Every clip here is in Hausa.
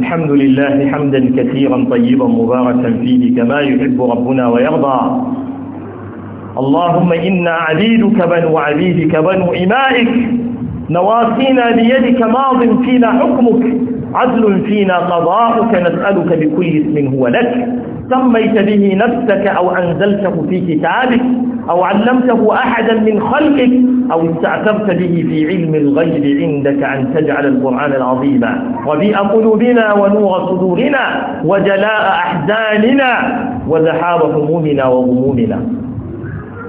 الحمد لله حمدا كثيرا طيبا مباركا فيه كما يحب ربنا ويرضى اللهم إنا عبيدك بنو عبيدك بنو إمائك نواصينا بيدك ماض فينا حكمك عدل فينا قضاءك نسألك بكل اسم هو لك سميت به نفسك أو أنزلته في كتابك أو علمته أحدا من خلقك أو استعترت به في علم الغيب عندك أن تجعل القرآن العظيم وبيء قلوبنا ونور صدورنا وجلاء أحزاننا وذهاب همومنا وغمومنا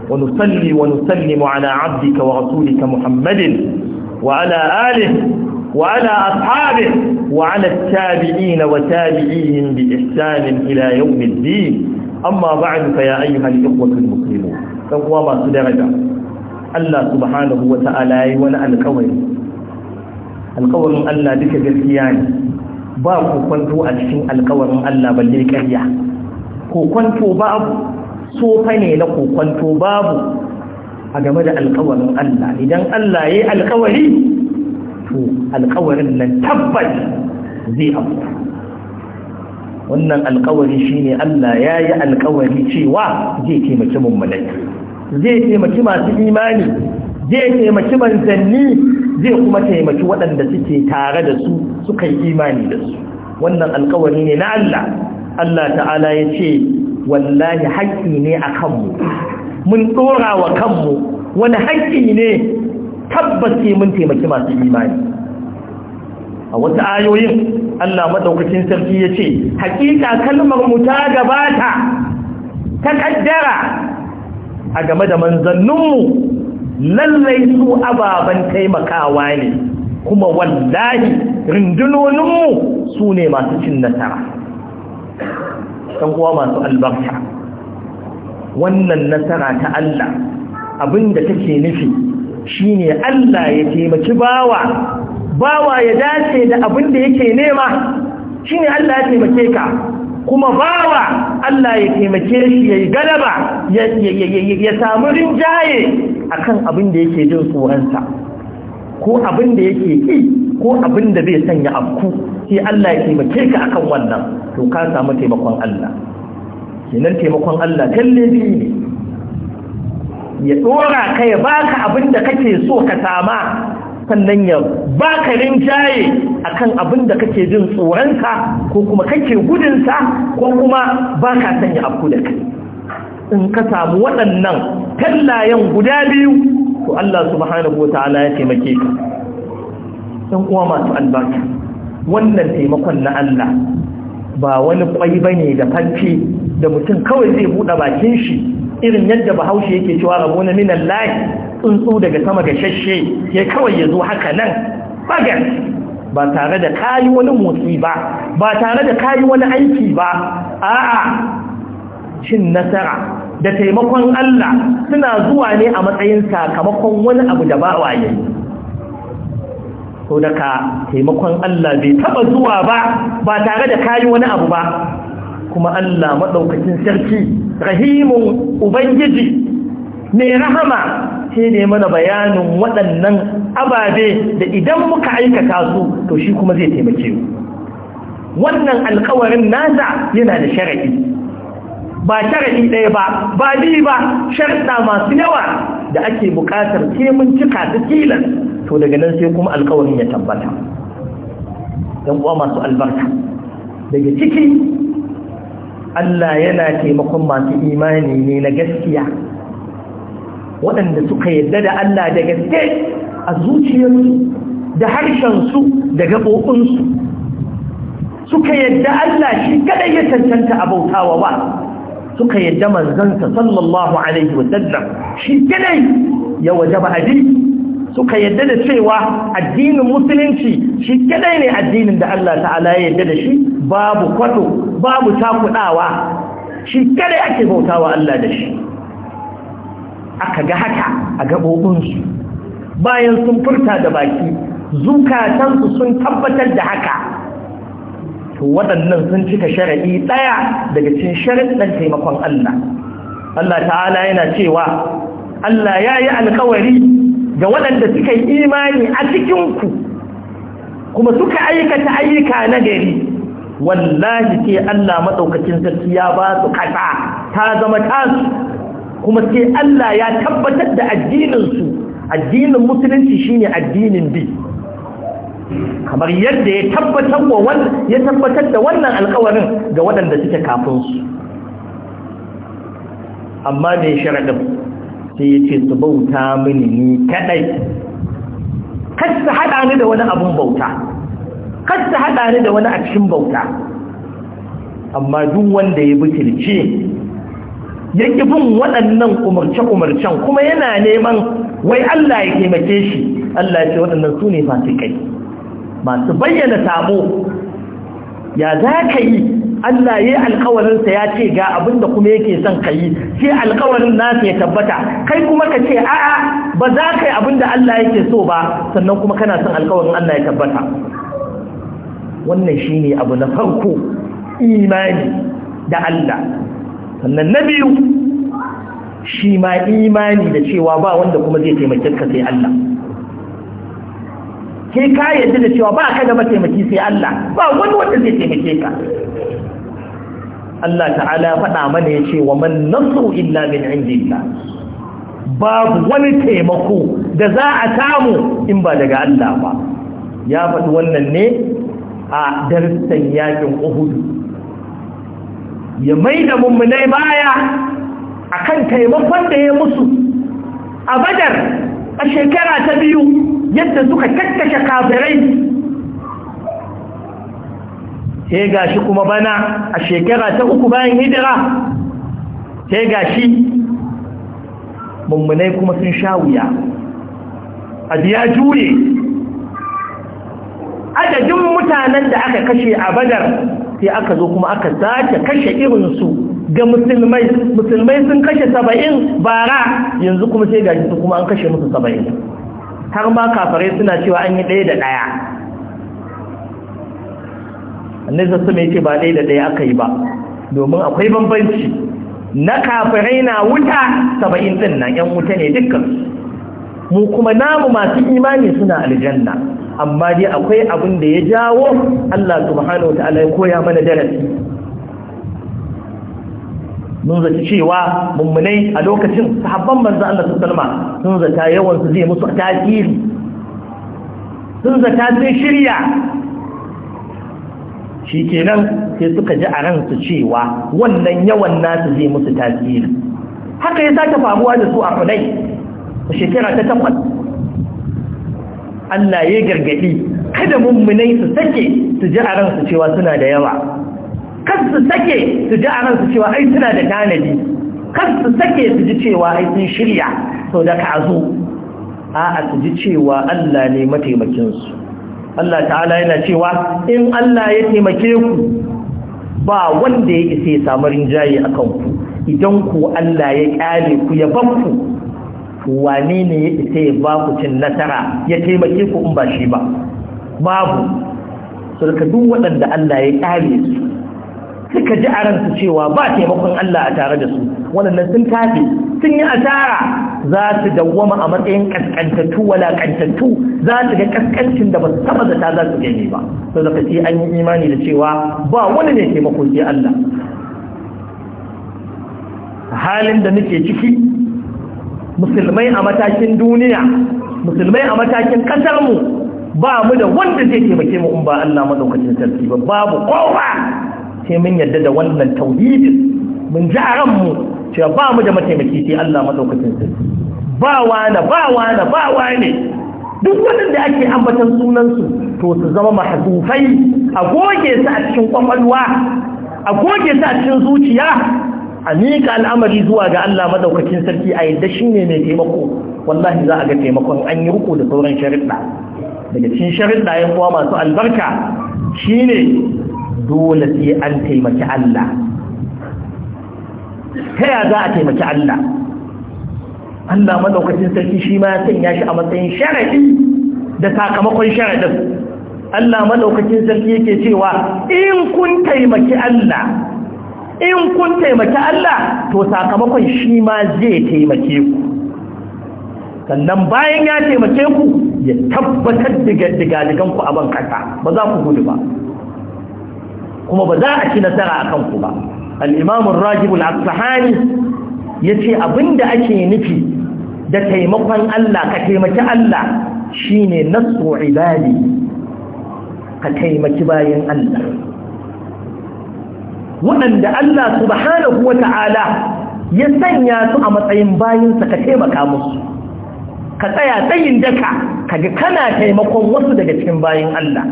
ونصلي ونسلم على عبدك ورسولك محمد وعلى آله وعلى أصحابه وعلى التابعين وتابعيهم بإحسان إلى يوم الدين أما بعد فيا أيها الإخوة المسلمون فهو ما درجة الله سبحانه وتعالى ولا القول القول الله بك بالكيان باكو كنتو أجسين القول الله بل كريا كو كنتو باب سوفني لكو كنتو باب أجمد القول الله إذن الله يأي القولي to alkawarin nan tabbas zai abu wannan alkawari shine Allah ya yi alkawari cewa zai taimaki mummunai zai taimaki masu imani zai taimaki manzanni zai kuma taimaki waɗanda suke tare da su suka yi imani da su wannan alkawari ne na Allah Allah ta'ala ya ce wallahi haƙƙi ne a kanmu mun ɗora wa kanmu wani haƙƙi ne tabbas mun taimaki masu imani a wasu ayoyin Allah madaukakin sarki ya ce hakika kalmar mu ta gabata ta kaddara a game da manzanninmu lallai su ababen taimakawa ne kuma wallahi rundunoninmu su ne masu cin nasara ɗan kuwa masu albarka wannan nasara ta Allah abinda take nufi shine Allah ya taimaki bawa bawa ya dace da abin da yake nema shine Allah ya taimake ka kuma bawa Allah ya taimake shi yayi galaba ya samu rinjaye akan abin da yake jin tsoronsa ko abin da yake ki ko abin da bai sanya afku sai Allah ya taimake ka akan wannan to ka samu taimakon Allah kenan taimakon Allah kalle ne ya dora ka ya baka abin da kake so ka sama sannan ya baka rinjaye akan abin da kake jin tsoronsa ko kuma kake gudunsa ko kuma baka sanya abu da kai in ka samu waɗannan tallayen guda biyu to Allah subhanahu wata'ala ya taimake ka ɗan uwa masu albarka wannan taimakon na Allah ba wani kwai bane da fanci da mutum kawai zai buɗe bakin shi irin yadda bahaushe yake cewa rabo na minan layi tsuntsu daga sama ga shashe ya kawai ya zo haka nan bagan ba tare da kayi wani motsi ba ba tare da kayi wani aiki ba a'a cin nasara da taimakon Allah suna zuwa ne a matsayin sakamakon wani abu da ba waye so daga taimakon Allah bai taba zuwa ba ba tare da kayi wani abu ba kuma Allah maɗaukacin sarki rahimun ubangiji mai rahama sai ne mana bayanin waɗannan ababe da idan muka aikata su to shi kuma zai taimake mu wannan alkawarin nasa yana da shara'i. ba sharadi ɗaya ba ba bi ba sharda masu yawa da ake buƙatar ke mun cika ta tilan, to daga nan sai kuma alkawarin ya tabbata dan uwa masu albarka daga ciki Allah yana taimakon masu imani ne na gaskiya waɗanda suka yadda da Allah da gaske a zuciyarsu da harshensu da gaɓoɓinsu suka yadda Allah shi kaɗai ya cancanta a bautawa ba suka yadda manzansa sallallahu alaihi wasallam shi kaɗai ya wajaba hadisi suka yadda da cewa addinin musulunci shi kadai ne addinin da Allah ta'ala ya yadda da shi babu kwato babu takudawa shi kare ake bautawa Allah da shi aka ga haka a su. bayan sun furta da baki zukatansu sun tabbatar da haka to waɗannan sun cika shari'i ɗaya daga cikin shari'in taimakon Allah Allah ta'ala yana cewa Allah ya yi alkawari ga waɗanda suka yi imani a cikinku kuma suka aikata ayyuka na gari wallahi ce Allah madaukakin sarki ya ba su kasa ta zama tasu kuma sai Allah ya tabbatar da addinin addinin musulunci shine addinin bi kamar yadda ya tabbatar wa wannan ya tabbatar da wannan alƙawarin ga waɗanda suke kafin su amma mai sharaɗin sai ya ce su bauta mini ni kaɗai kar su haɗa ni da wani abun bauta kar ta haɗa ni da wani a cikin bauta amma duk wanda ya butulce ya ƙi bin waɗannan umarce-umarcen kuma yana neman wai Allah ya taimake shi Allah ya ce waɗannan su ne kai. masu bayyana sabo ya za ka yi Allah ya yi alkawarinsa ya ce ga abinda kuma yake son ka yi sai alkawarin nasa ya tabbata kai kuma ka ce a'a ba za ka yi da Allah yake so ba sannan kuma kana son alkawarin Allah ya tabbata wannan shine abu na farko imani da Allah sannan na biyu shi ma imani da cewa ba wanda kuma zai taimakinka ka sai Allah ke ka da cewa ba ka da mataimaki sai Allah ba wani wanda zai taimake ka Allah ta'ala faɗa mana ya ce wa man nasu illa min indillah babu wani taimako da za a samu in ba daga Allah ba ya faɗi wannan ne a darussan yakin uhudu ya mai da mummunai baya a kan taimakon da ya musu a badar a shekara ta biyu yadda suka kakkashe kafirai sai ga shi kuma bana a shekara ta uku bayan hijira sai ga shi mummunai kuma sun sha wuya a biya jure adadin mutanen da aka kashe a badar sai aka zo kuma aka sace kashe irinsu ga musulmai musulmai sun kashe saba'in bara yanzu kuma sai gaji su kuma an kashe musu saba'in har ma kafarai suna cewa an yi ɗaya da ɗaya annai su mai ce ba ɗaya da ɗaya aka yi ba domin akwai bambanci na kafirai na wuta saba'in ɗin nan ‘yan wuta ne dukkan mu kuma namu masu imani suna aljanna amma dai akwai abin da ya jawo Allah subhanahu wata'ala ya koya mana darasi mun zaci cewa mummunai a lokacin sahabban manzo Allah sallama sun zata yawan su zai musu tasiri sun zata sun shirya shikenan sai suka ji a ransu cewa wannan yawan nasu zai musu tasiri haka ya sake faruwa da su a A shekara ta takwas Allah ya gargadi kada mummunai su sake su ji a ransu cewa suna da yawa Kas su sake su ji a ransu cewa ai suna da tanadi Kas su sake su ji cewa ai sun shirya sau da ka zo a su ji cewa Allah ne mataimakinsu Allah ta'ala yana cewa in Allah ya taimake ku ba wanda ya isa ya samu rinjaye a kanku idan ku Allah ya kyale ku ya banku wane ne ya ita ya ba ku cin nasara ya taimake ku in ba shi ba babu surka duk waɗanda Allah ya ƙare su suka ji a ransu cewa ba taimakon Allah a tare da su waɗannan sun tafi sun yi asara za su dawwama a matsayin ƙasƙantattu walaƙantattu za su ga ƙasƙancin da ba su taɓa zata za su gani ba sau da kasi an yi imani da cewa ba wani ne taimako sai Allah halin da nake ciki musulmai a matakin duniya musulmai a matakin ƙasarmu ba mu da wanda zai taimake mu in ba Allah madaukakin sarki ba babu kowa sai mun yadda da wannan tauhidin mun ji a ranmu cewa ba mu da mataimaki sai Allah madaukakin sarki ba wani ba wani ba wani duk waɗanda ake ambatan sunansu to su zama mahdufai a goge su a cikin kwakwalwa a goge su a cikin zuciya a miƙa al'amari zuwa ga Allah madaukakin sarki a yadda shi ne mai taimako wallahi za a ga taimakon an yi riko da sauran sharuɗa daga cikin sharuɗa ya kuwa masu albarka shine dole sai an taimaki Allah ta ya za a taimaki Allah Allah madaukakin sarki shi ma ya sanya shi a matsayin sharaɗi da sakamakon sharaɗin Allah madaukakin sarki yake cewa in kun taimaki Allah in kun taimaki Allah to sakamakon shi ma zai taimake ku sannan bayan ya taimake ku ya tabbatar da digadigan ku a ban kasa ba za ku gudu ba kuma ba za a ci nasara a kanku ba al'imamun rajibul asahani ya ce abinda ake nufi da taimakon Allah ka taimaki Allah shine nasu ibadi ka taimaki bayan Allah waɗanda Allah subhanahu wa ta'ala ya sanya su a matsayin bayinsa ka taimaka musu ka tsaya tsayin daka kaga kana taimakon wasu daga cikin bayan Allah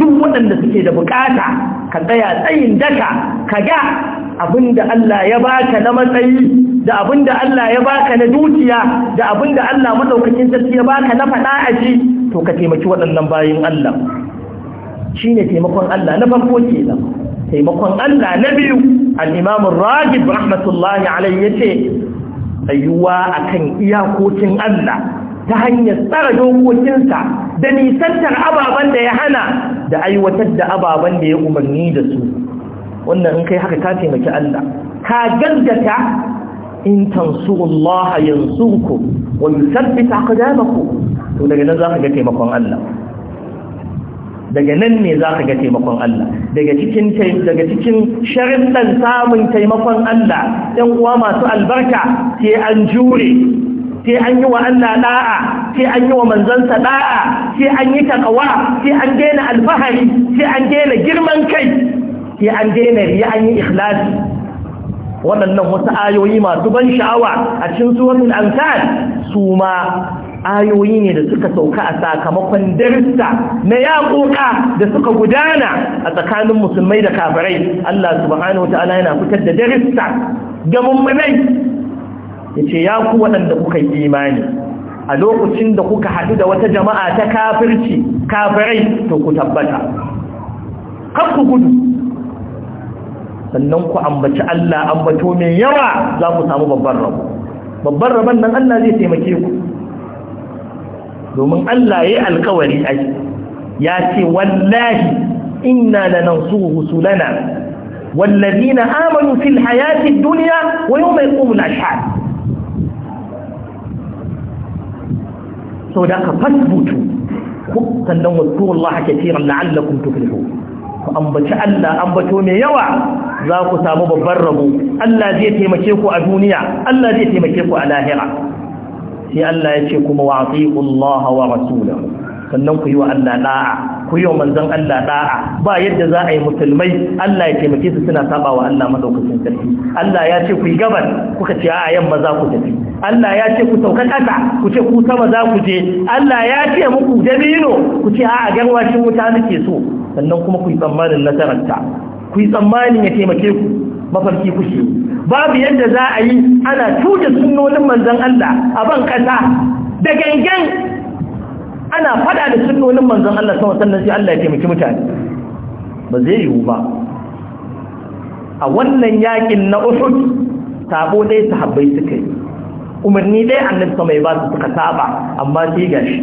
duk waɗanda suke da bukata ka tsaya tsayin daka kaga abinda Allah ya baka na matsayi da abinda Allah ya baka na dukiya da abinda Allah maɗaukakin sarki ya baka na faɗa a ji to ka taimaki waɗannan bayan Allah shine taimakon Allah na farko kenan taimakon Allah na biyu al-Imam Rajib rahmatullahi alayhi yace tsayuwa akan iyakokin Allah ta hanyar tsara dokokinsa da nisantar ababen da ya hana da aiwatar da ababen da ya umarni da su wannan in kai haka ka taimaki Allah ka gaggata in tansurullaha yansurku wa yuthabbit aqdamakum to daga nan zaka ga taimakon Allah daga nan ne za ka ga taimakon Allah daga cikin daga cikin dan samun taimakon Allah ɗan uwa masu albarka sai an jure sai an yi wa Allah da'a sai an yi wa manzansa da'a sai an yi takawa sai an daina alfahari sai an daina girman kai sai an daina riya an yi ikhlasi waɗannan wasu ayoyi masu ban sha'awa a cikin suratul anfal su ma ayoyi ne da suka sauka a sakamakon darussa na yaƙoƙa da suka gudana a tsakanin musulmai da kafirai Allah subhanahu Ta'ala yana fitar da darussa ga mummunai ya ce ya ku waɗanda kuka yi imani a lokacin da kuka haɗu da wata jama'a ta kafirci kafirai to ku tabbata kan ku gudu sannan ku ambaci Allah ambato mai yawa za ku samu babban rabo babban rabon nan Allah zai taimake ku domin Allah ya yi alkawari ai ya ce wallahi inna lanansuru rusulana والذين آمنوا في الحياة الدنيا ويوم يقوم الأشهاد صدق فاثبتوا sannan wasu Allah kafiran la'allakum tuflihu ku ambaci Allah ambato mai yawa za ku samu babban rabo Allah zai taimake ku a duniya Allah zai taimake ku a lahira sai Allah ya ce kuma wa atiqu Allah wa rasulahu sannan ku yi wa Allah da'a ku yi wa manzon Allah da'a ba yadda za a yi musulmai Allah ya taimake su suna saba wa Allah madaukakin sarki Allah ya ce ku yi gaban kuka ce a yamma za ku tafi Allah ya ce ku sauka ƙasa ku ce ku sama za ku je Allah ya ce muku dabino ku ce a garwashin wuta nake so sannan kuma ku yi tsammanin nasararta ku yi tsammanin ya taimake ku mafarki kuke babu yadda za a yi ana tuje sunnonin manzan Allah a ban kasa da gangan ana fada da sunnonin manzan Allah sama sannan sai Allah ya taimaki mutane ba zai yiwu ba a wannan yakin na Uhud tabo dai sahabbai suka yi umarni dai annabi sama ya ba su suka saba amma sai gashi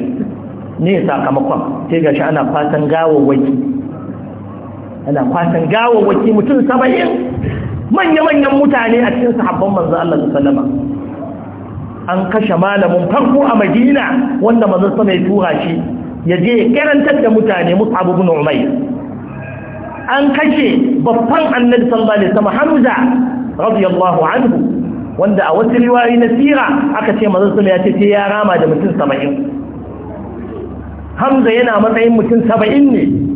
ne sakamakon sai gashi ana fatan waki. ana fatan waki mutum 70 manya-manyan mutane a cikin sahabban manzo Allah sallama an kashe malamin farko a Madina wanda manzo sama ya tura shi ya je karantar da mutane musu abubu Umayr an kashe babban annabi sallallahu alaihi wasallam Hamza radiyallahu anhu wanda a wasu riwayoyi na sira aka ce manzo sama ya ce sai ya rama da mutum 70 Hamza yana matsayin mutum 70 ne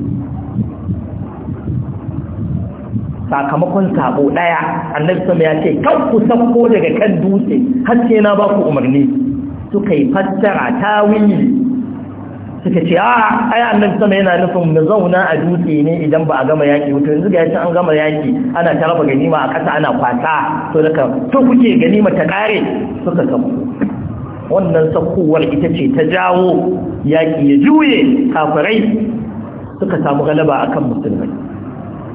sakamakon sabo daya annabi sama ya ce kan ku sako daga kan dutse har sai na ba ku umarni suka yi fassara tawili suka ce a ah, ai annabi sama yana nufin mu zauna a dutse ne idan ba a gama yaki wato yanzu ga yace an gama yaki ana ta raba ganima a ƙasa ana kwasa to daga to kuke ganima ta kare suka samu wannan sakowar ita ce ta jawo yaki ya juye kafirai suka samu galaba akan musulmai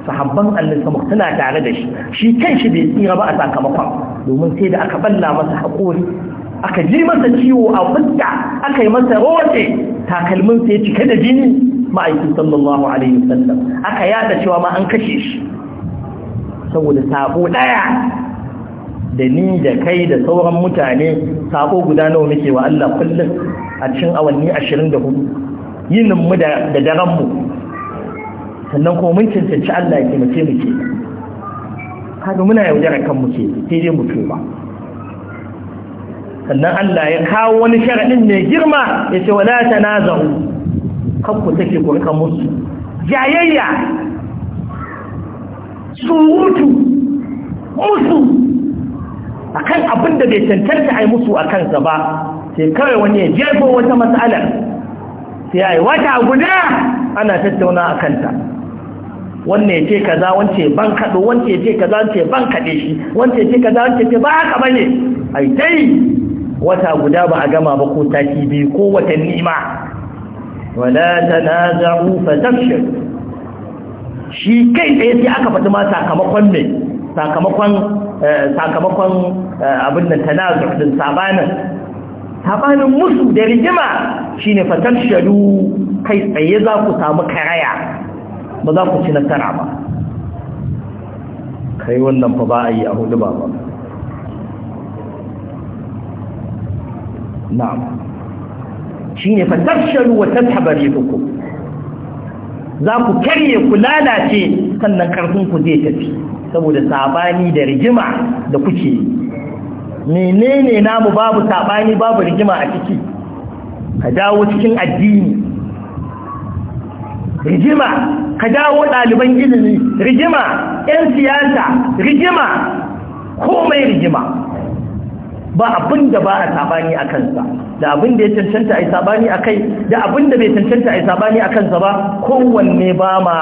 sahabban allisa muktana tare da shi shi kan shi bai tsira ba a sakamakon domin sai da aka balla masa haƙori aka ji masa ciwo a fuska aka yi masa rote takalmin sai cike da jini ma'aikin sallallahu alaihi wasallam aka yada cewa ma an kashe shi saboda sabo daya da ni da kai da sauran mutane sako guda nawa muke wa Allah kullum a cikin awanni 24 yinin mu da daren mu sannan kuma mun cancanci Allah ya taimake mu ke kaga muna yaudara kan mu ke sai dai mu tuba sannan Allah ya kawo wani sharadin mai girma ya ce wala tanaza'u kan ku take kurka musu jayayya surutu musu akan abin da bai cancanta ai musu a kansa ba sai kawai wani ya jefo wata matsalar sai ai wata guda ana tattauna a kanta wannan ce kaza wance ban kado wance ce kaza wance ban kade shi wance ce kaza wance ce ba haka bane ai dai wata guda ba a gama ba ko taki biyu ko watanni ma wala tanazu fatafshir shi kai tsaye sai aka faɗi ma sakamakon ne sakamakon eh, sakamakon eh, abin da tanazu din sabanin sabanin musu da rigima shine fatafshiru kai tsaye za ku samu karaya ba za ku ci nasara ba kai wannan fa ba a yi a hudu ba ba na'am shine fa tafsharu wa tadhhabu za ku karye ku lalace sannan karfin ku zai tafi saboda sabani da rigima da kuke menene namu babu sabani babu rigima a ciki ka dawo cikin addini rigima ka dawo ɗaliban ilimi rigima 'yan siyasa rigima komai rigima ba abin da ba a sabani a kansa da abin da ya cancanta a yi sabani a kai da abin da bai cancanta a yi sabani a kansa ba kowanne ba ma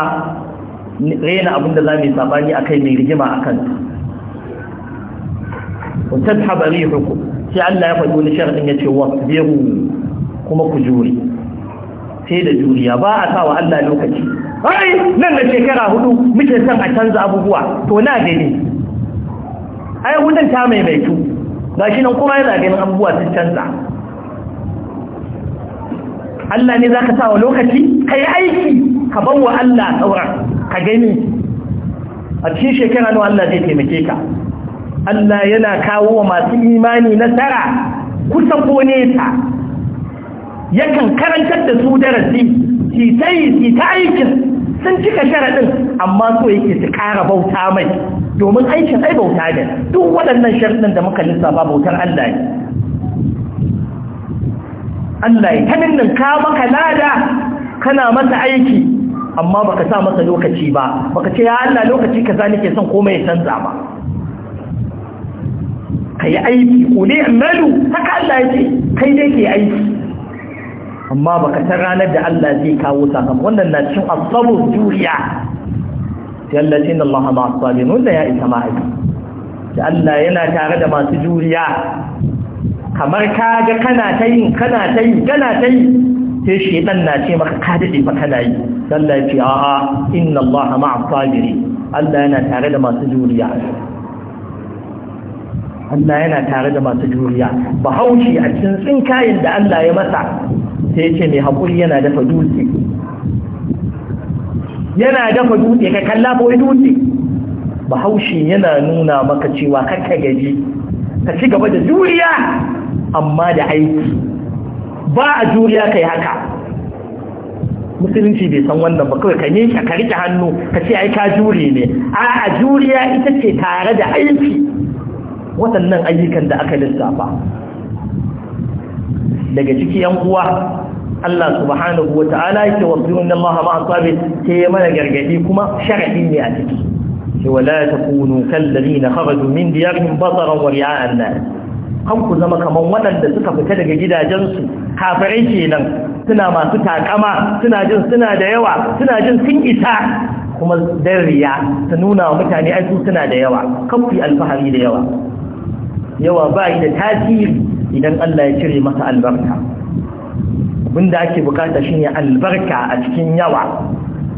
rena abin da za mu yi sabani a kai mai rigima a kansa wata tabari hukum sai Allah ya faɗi wani sharaɗin ya ce wa kuma ku juri sai da juriya ba a sa wa Allah lokaci ai nan da shekara hudu muke son a canza abubuwa to na gani ai wannan ta maimaitu ga shi nan kuma yana ganin abubuwa sun canza Allah ne zaka sa wa lokaci ka aiki ka ban wa Allah sauran ka gani a cikin shekara nawa Allah zai taimake ka Allah yana kawo wa masu imani nasara kusan ko ta yakan karantar da su darasi su ta sun cika sharaɗin amma so yake su ƙara bauta mai domin aikin ai bauta ne duk waɗannan sharaɗin da muka lissafa bautar Allah ne Allah ya tanin nan ka maka lada kana masa aiki amma baka sa masa lokaci ba baka ce ya Allah lokaci kaza nake son komai ya canza ba kai aiki ko ne annalu haka Allah ya ce kai dai ke aiki amma baka san ranar da Allah zai kawo sakamako wannan na cin asabu juriya Sai Allah ma asabi wanda ya isa ma'aiki da Allah yana tare da masu juriya kamar ka ga kana ta yin kana ta yi kana ta yi sai shedan na ce maka ka dade ba kana yi Allah ya ce a'a inna Allah ma asabi Allah yana tare da masu juriya Allah yana tare da masu juriya bahaushe a cikin tsinkayin da Allah ya masa sai ce mai haƙuri yana dafa dutse yana dafa dutse ka kalla ko dutse bahaushe yana nuna maka cewa kakka gaji ka ci gaba da juriya amma da aiki ba a juriya kai haka musulunci bai san wannan ba kawai ka ne ka rike hannu ka ce ai ka jure ne a a juriya ita ce tare da aiki waɗannan ayyukan da aka lissafa daga ciki yan uwa Allah subhanahu wa ta'ala yake wasirun Allah ma an sabi mana gargadi kuma sharadi ne a ciki sai wala takunu kal ladina kharaju min diyarihim basaran wa ri'a'an nas kan ku zama kaman waɗanda suka fita daga gidajensu kafirai kenan suna masu takama suna jin suna da yawa suna jin sun isa kuma dan riya su nuna wa mutane ai su suna da yawa kan ku alfahari da yawa yawa ba da tasiri idan Allah ya cire masa albarka abinda ake bukata shine albarka a cikin yawa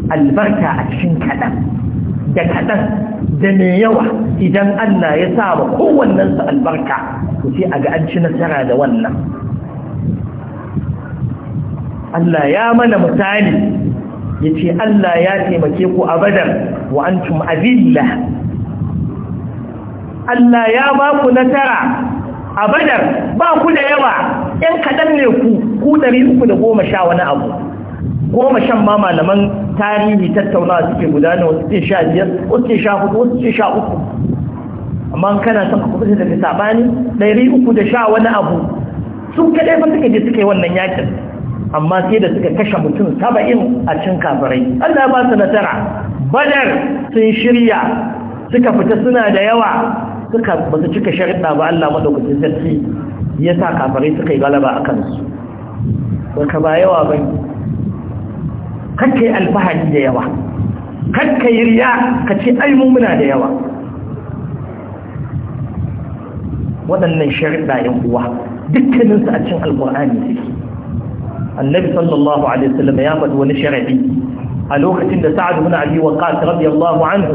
albarka a cikin kaɗan da kaɗan da mai yawa idan Allah ya sa ba su albarka to sai a ga an ci nasara da wannan Allah ya mana misali ya ce Allah ya taimake ku a wa an Allah ya ba ku nasara a badar ba ku da yawa ‘yan kaɗan ne ku ku ɗari uku da goma sha wani abu goma shan ma malaman tarihi tattaunawa suke gudana wasu ce sha biyar wasu ce sha hudu wasu ce sha uku amma kana son ka kuɓuta ta sabani ɗari uku da sha wani abu sun kaɗai fa suka je suka yi wannan yakin amma sai da suka kashe mutum saba'in a cin kafirai Allah ba su nasara badar sun shirya suka fita suna da yawa suka ba su cika sharuɗa ba Allah madaukakin sarki ya sa kafare suka yi galaba a kansu baka ba yawa ba kakkai alfahari da yawa kakkai riya ka ce ai da yawa waɗannan sharuɗa yan uwa dukkaninsu a cikin alƙur'ani suke annabi sallallahu alaihi wasallam ya faɗi wani sharadi a lokacin da sa'ad ibn abi waqqas radiyallahu anhu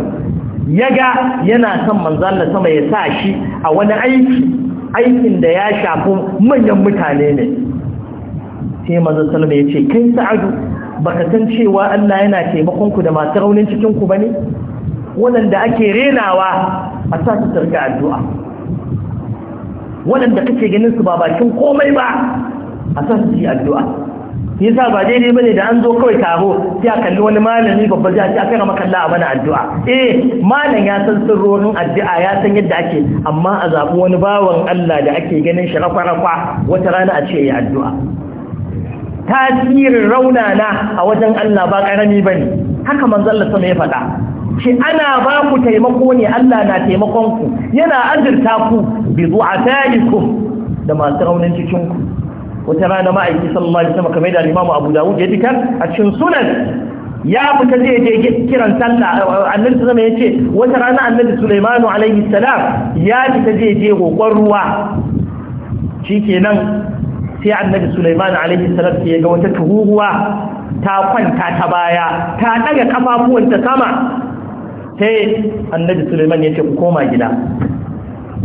Yaga yana son manzan da sama ya sa shi a wani aiki aikin da ya shafi manyan mutane ne sai manzan salama ya ce kai sa'adu baka san cewa Allah yana taimakon ku da masu raunin ku ba ne waɗanda ake renawa a sa su targa addu'a waɗanda kake ganin su ba bakin komai ba a sa su addu'a yasa ba dai daidai bane da an zo kawai taro sai a kalli wani malami babba zai ce a kai makalla a mana addu'a eh malam ya san sirrorin addu'a ya san yadda ake amma a zaɓi wani bawan Allah da ake ganin shi rafa rafa wata rana a ce ya addu'a tasirin raunana a wajen Allah ba karami bane haka manzo Allah sama ya faɗa shi ana ba ku taimako ne Allah na taimakon ku yana azurta ku bi ta'ikum da masu raunin cikin ku wata rana ma'aiki sallallahu alaihi wasallam kamar da Imam Abu Dawud ya dikar a cikin sunan ya fita zai je kiran sallah annabi sallallahu alaihi yace wata rana annabi Sulaiman alaihi salam ya fita zai je gokon ruwa shikenan sai annabi Sulaiman alaihi salam ya ga wata tuhuwa ta kwanta ta baya ta daga kafafuwanta sama sai annabi Sulaiman yace ku koma gida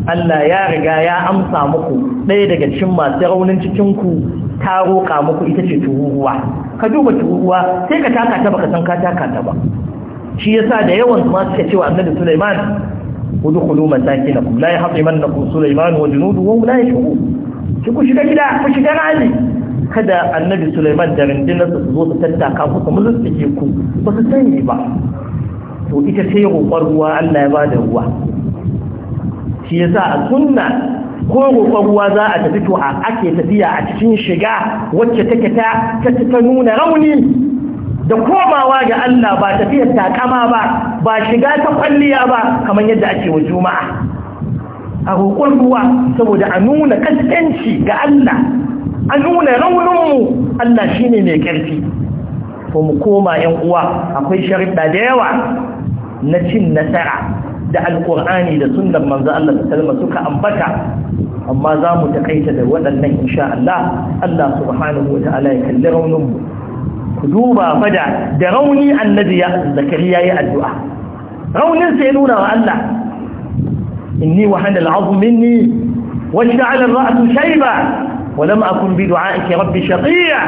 Allah ya riga ya amsa muku ɗaya daga cikin masu raunin cikinku ta roƙa muku ita ce tururuwa ka duba tururuwa sai ka taka ta baka san ka taka ta ba shi yasa da yawan ma suka cewa annabi Sulaiman haɗe man na kuma Sulaiman wa wa la yashurun ki ku shiga gida ku shiga rami kada annabi Sulaiman da rundunar su zo su tattaka ku kuma su ku ba su sani ba to ita sai roƙon ruwa Allah ya bada ruwa shi yasa a sunna ko roƙon ruwa za a tafi to a ake tafiya a cikin shiga wacce take ta ta nuna rauni da komawa ga Allah ba tafiyar takama ba ba shiga ta kwalliya ba kamar yadda ake wa juma'a a roƙon ruwa saboda a nuna kaskanci ga Allah a nuna rauninmu Allah shi ne mai ƙarfi ko mu koma yan uwa akwai sharuɗa da yawa na cin nasara da alƙur'ani da sunnar manzo Allah sallama suka ambata amma za mu takaita da waɗannan insha Allah Allah subhanahu wa ta'ala ya kalli raunin mu ku duba fada da rauni annabi ya zakariya ya addu'a raunin sai nuna wa Allah inni wa hanal azm minni wa ja'ala ar-ra'su shayba wa lam akun bi ولم أكن بدعائك رب شقيا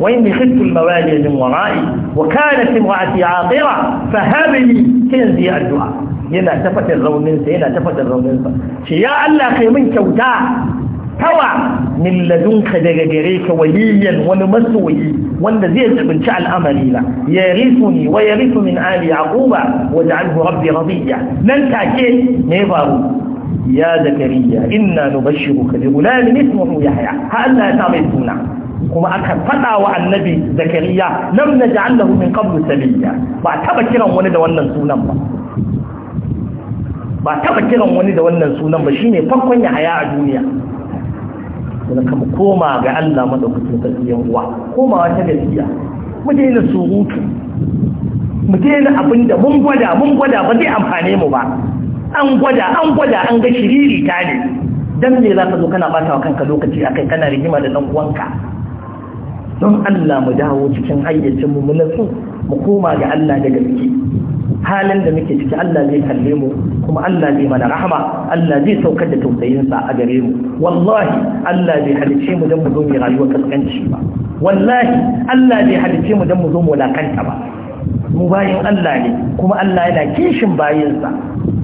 وإني خفت الموالي من ورائي وكانت امرأتي عاقرة فهب لي كنزي الدعاء yana ta faɗin rauninsa yana ta faɗin rauninsa ce ya Allah kai min kyauta tawa min ladunka daga gare ka waliyan wani masoyi wanda zai tsibinci al'amari na ya risu ni wa ya risu min ali yaquba wa ja'alhu rabbi radiya nan take ne faru ya zakariya inna nubashshiruka bi ghulamin ismuhu yahya ha Allah ya sa mai suna kuma aka faɗa wa annabi zakariya lam naj'al lahu min qablu sabiya ba taba kiran wani da wannan sunan ba ba taba kiran wani da wannan sunan ba shine farkon ya haya a duniya Wani kama koma ga Allah madaukakin sarki yan uwa komawa ta gaskiya mu daina surutu mu daina abin da mun gwada mun gwada ba zai amfane mu ba an gwada an gwada an ga shiriri ta ne dan me za ka zo kana bata wa kanka lokaci akai kana rigima da dan uwanka don Allah mu dawo cikin hayyacin mu mu natsu mu koma ga Allah da gaske halin da muke ciki Allah zai kalle mu kuma Allah zai mana rahama Allah zai saukar da tausayinsa a gare mu wallahi Allah zai halicce mu dan mu zo mu rayuwa kaskanci ba wallahi Allah zai halicce mu dan mu zo mu lakanta ba mu bayin Allah ne kuma Allah yana kishin bayinsa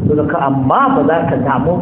to amma ba za ka samu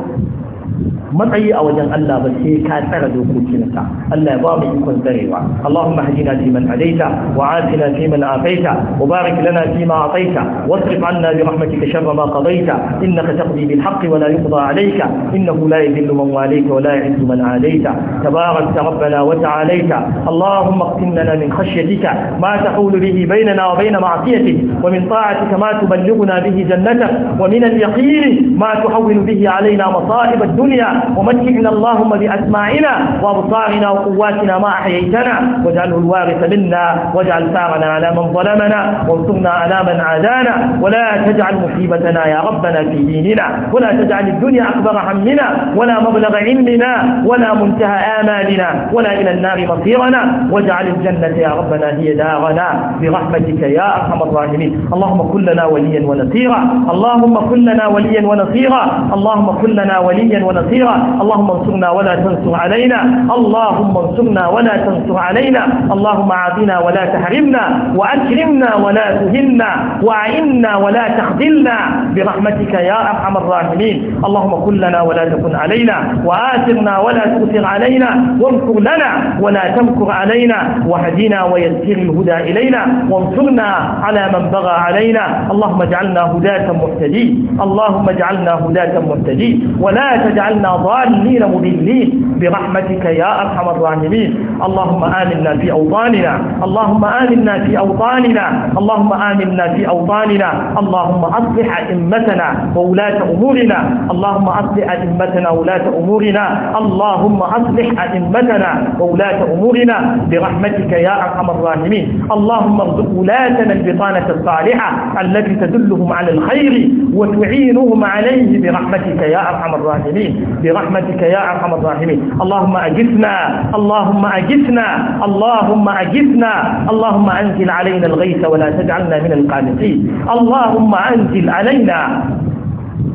matsayi a wajen Allah ba sai ka tsara dokokinsa Allah ya ba mu ikon tsarewa Allahumma hadina fi man hadaita wa atina fi man afaita wa barik lana fi ma ataita wasrif anna bi rahmatika sharra ma qadaita innaka taqdi bil haqq wa la yuqda alayka innahu la yadhillu man walayta wa la yu'izzu man adaita tabarakta rabbana wa ta'alaita Allahumma qtim lana min khashyatika ma tahulu bihi bainana wa bain ma'siyatik wa min ta'atika ma tuballighuna به جنتك ومن اليقين ما تحول به علينا مصائب الدنيا ومتعنا اللهم بأسماعنا وأبصارنا وقواتنا ما أحييتنا واجعله الوارث منا واجعل ثارنا على من ظلمنا وانصرنا على من عادانا ولا تجعل مصيبتنا يا ربنا في ديننا ولا تجعل الدنيا أكبر همنا ولا مبلغ علمنا ولا منتهى آمالنا ولا إلى النار مصيرنا واجعل الجنة يا ربنا هي دارنا برحمتك يا أرحم الراحمين اللهم كن لنا وليا ونصيرا اللهم كن لنا وليا ونصيرا اللهم كن لنا وليا ونصيرا خيرا اللهم انصرنا ولا تنصر علينا اللهم انصرنا ولا تنصر علينا اللهم عافنا ولا تحرمنا وأكرمنا ولا تهنا وأعنا ولا تخذلنا برحمتك يا أرحم الراحمين اللهم كن لنا ولا تكن علينا وآثرنا ولا تؤثر علينا وامكر لنا ولا تمكر علينا وهدنا ويسير الهدى إلينا وانصرنا على من بغى علينا اللهم اجعلنا هداة مهتدين اللهم اجعلنا هداة مهتدين ولا تجعلنا ضالين مضلين برحمتك يا أرحم الراحمين اللهم آمنا في أوطاننا اللهم آمنا في أوطاننا اللهم آمنا في أوطاننا اللهم أصلح أئمتنا وولاة أمورنا اللهم أصلح أئمتنا وولاة أمورنا اللهم أصلح أئمتنا وولاة أمورنا برحمتك يا أرحم الراحمين اللهم ارزق ولاتنا البطانة الصالحة التي تدلهم على الخير وتعينهم عليه برحمتك يا أرحم الراحمين برحمتك يا أرحم الراحمين اللهم أجثنا اللهم أجثنا اللهم أجثنا اللهم أنزل علينا الغيث ولا تجعلنا من القانطين اللهم أنزل علينا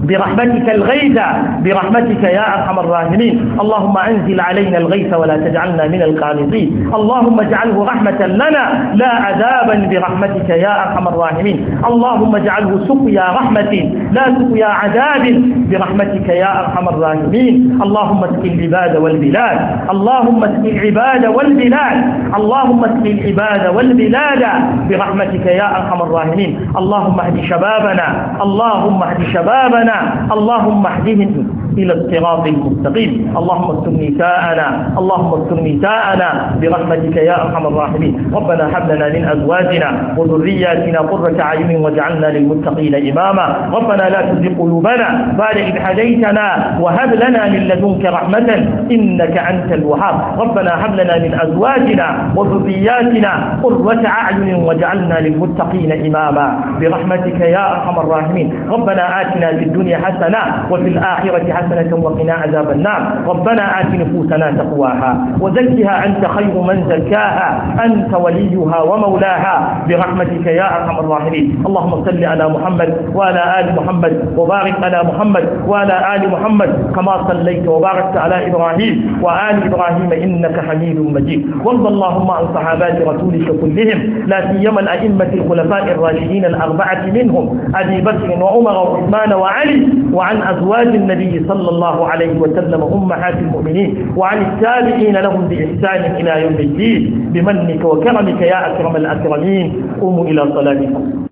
برحمتك الغيث برحمتك يا أرحم الراحمين اللهم أنزل علينا الغيث ولا تجعلنا من القانطين اللهم اجعله رحمة لنا لا عذابا برحمتك يا أرحم الراحمين اللهم اجعله سقيا رحمة لا سقيا عذاب برحمتك يا أرحم الراحمين اللهم اسق العباد والبلاد اللهم اسق العباد والبلاد اللهم اسق العباد والبلاد برحمتك يا أرحم الراحمين اللهم اهد شبابنا اللهم اهد شبابنا ربنا اللهم اهدهم إلى الصراط المستقيم اللهم استر نساءنا اللهم استر نساءنا برحمتك يا أرحم الراحمين ربنا هب لنا من أزواجنا وذرياتنا قرة أعين واجعلنا للمتقين إماما ربنا لا تزغ قلوبنا بعد إذ هديتنا وهب لنا من لدنك رحمة إنك أنت الوهاب ربنا هب لنا من أزواجنا وذرياتنا قرة أعين واجعلنا للمتقين إماما برحمتك يا أرحم الراحمين ربنا آتنا في الدنيا حسنة وفي الآخرة حسنة حسنة وقنا عذاب النار ربنا آت نفوسنا تقواها وزكها أنت خير من زكاها أنت وليها ومولاها برحمتك يا أرحم الراحمين اللهم صل على محمد وعلى آل محمد وبارك على محمد وعلى آل محمد كما صليت وباركت على إبراهيم وآل إبراهيم إنك حميد مجيد وارض اللهم عن صحابات رسولك كلهم لا سيما الأئمة الخلفاء الراشدين الأربعة منهم أبي بكر وعمر وعثمان وعلي وعن أزواج النبي صلى صلى الله عليه وسلم أمهات المؤمنين وعن التابعين لهم بإحسان إلى يوم الدين بمنك وكرمك يا أكرم الأكرمين قوموا إلى صلاتكم